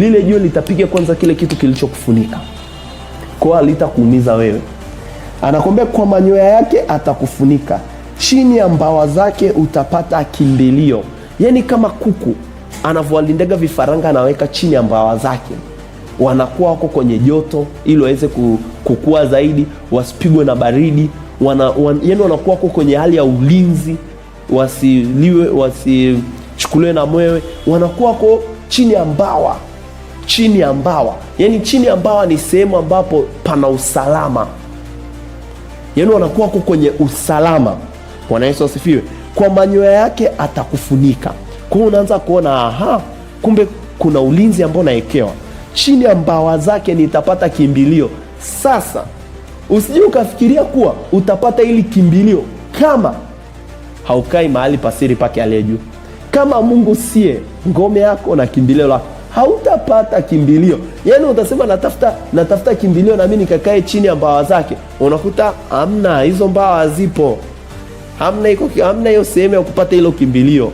Lile jua litapiga kwanza kile kitu kilichokufunika, kwa halitakuumiza wewe. Anakwambia kwa manyoya yake atakufunika, chini ya mbawa zake utapata kimbilio. Yaani kama kuku anavyowalindaga vifaranga, anaweka chini ya mbawa zake, wanakuwa wako kwenye joto ili waweze kukua zaidi, wasipigwe na baridi. Wana, wan, yani wanakuwa wako kwenye hali ya ulinzi, wasiliwe, wasichukuliwe na mwewe, wanakuwa wako chini ya mbawa chini ya mbawa. Yaani chini ya mbawa ni sehemu ambapo pana usalama, yaani wanakuwa ko kwenye usalama. Bwana Yesu asifiwe. Kwa manyoya yake atakufunika. Kwa hiyo unaanza kuona aha, kumbe kuna ulinzi ambao nawekewa chini ya mbawa zake, nitapata kimbilio. Sasa usije ukafikiria kuwa utapata hili kimbilio kama haukai mahali pasiri pake aliye juu, kama Mungu siye ngome yako na kimbilio lako hautapata kimbilio. yani utasema natafuta natafuta kimbilio nami nikakae chini ya mbawa zake, unakuta hamna, hizo mbawa hazipo, hamna hiyo sehemu ya kupata hilo kimbilio.